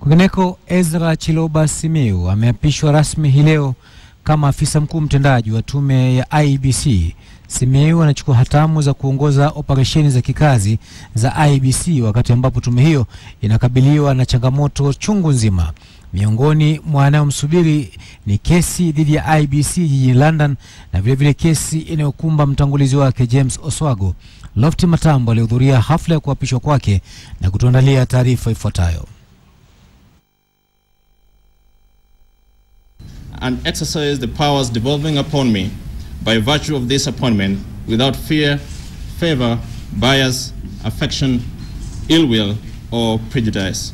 Kwingineko, Ezra Chiloba Simiu ameapishwa rasmi hii leo kama afisa mkuu mtendaji wa tume ya IEBC. Simiu anachukua hatamu za kuongoza operesheni za kikazi za IEBC wakati ambapo tume hiyo inakabiliwa na changamoto chungu nzima. Miongoni mwa anayomsubiri ni kesi dhidi ya IEBC jijini London na vilevile vile kesi inayokumba mtangulizi wake James Oswago. Lofty Matambo alihudhuria hafla ya kuapishwa kwake na kutuandalia taarifa ifuatayo. and exercise the powers devolving upon me by virtue of this appointment without fear, favor, bias, affection, ill will, or prejudice.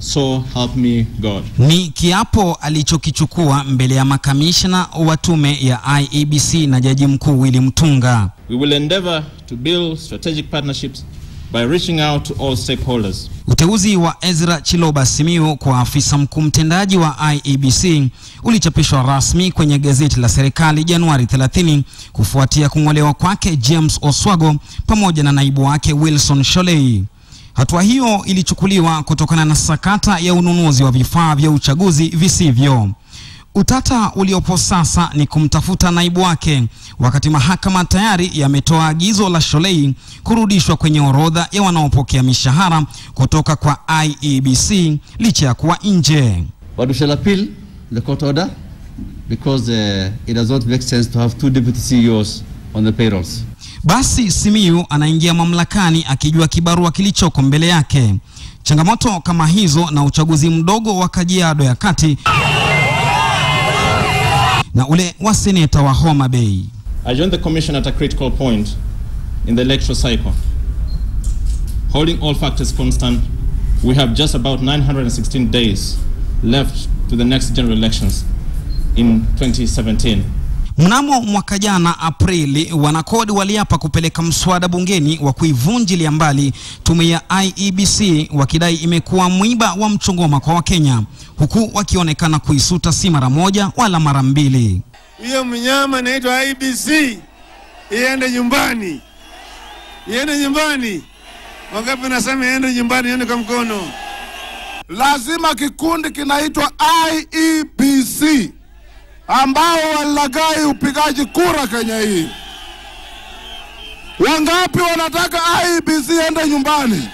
So help me God. Ni kiapo alichokichukua mbele ya makamishna wa tume ya IEBC na jaji mkuu Willy Mutunga. We will endeavor to build strategic partnerships by reaching out to all stakeholders. Uteuzi wa Ezra Chiloba Simiyu kwa afisa mkuu mtendaji wa IEBC ulichapishwa rasmi kwenye gazeti la serikali Januari 30 kufuatia kung'olewa kwake James Oswago pamoja na naibu wake Wilson Sholei. Hatua hiyo ilichukuliwa kutokana na sakata ya ununuzi wa vifaa vya uchaguzi visivyo Utata uliopo sasa ni kumtafuta naibu wake, wakati mahakama tayari yametoa agizo la Sholei kurudishwa kwenye orodha ya wanaopokea mishahara kutoka kwa IEBC licha ya kuwa nje. But we shall appeal the court order because uh, it does not make sense to have two deputy CEOs on the payrolls. Basi Simiyu anaingia mamlakani akijua kibarua kilichoko mbele yake. Changamoto kama hizo na uchaguzi mdogo wa Kajiado ya Kati na ule wa seneta wa Homa Bay. I joined the commission at a critical point in the electoral cycle. Holding all factors constant, we have just about 916 days left to the next general elections in 2017. Mnamo mwaka jana Aprili, wanakodi waliapa kupeleka mswada bungeni wa kuivunjilia mbali tume ya IEBC wakidai imekuwa mwiba wa mchongoma kwa Wakenya, huku wakionekana kuisuta si mara moja wala mara mbili. Hiyo mnyama inaitwa IEBC iende nyumbani, iende nyumbani. Wangapi nasema iende nyumbani? Iende kwa mkono. Lazima kikundi kinaitwa IEBC ambao walagai upigaji kura Kenya hii? Wangapi wanataka IBC ende nyumbani?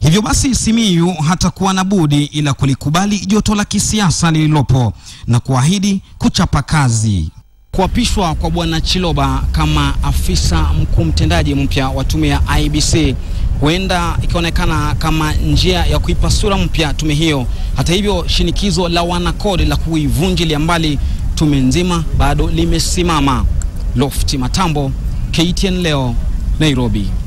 Hivyo basi Simiyu hatakuwa na budi ila kulikubali joto la kisiasa lililopo na kuahidi kuchapa kazi. Kuapishwa kwa Bwana Chiloba kama afisa mkuu mtendaji mpya wa tume ya IBC huenda ikionekana kama njia ya kuipa sura mpya tume hiyo. Hata hivyo, shinikizo la wanakodi la kuivunjilia mbali tume nzima bado limesimama. Lofti Matambo, KTN leo, Nairobi.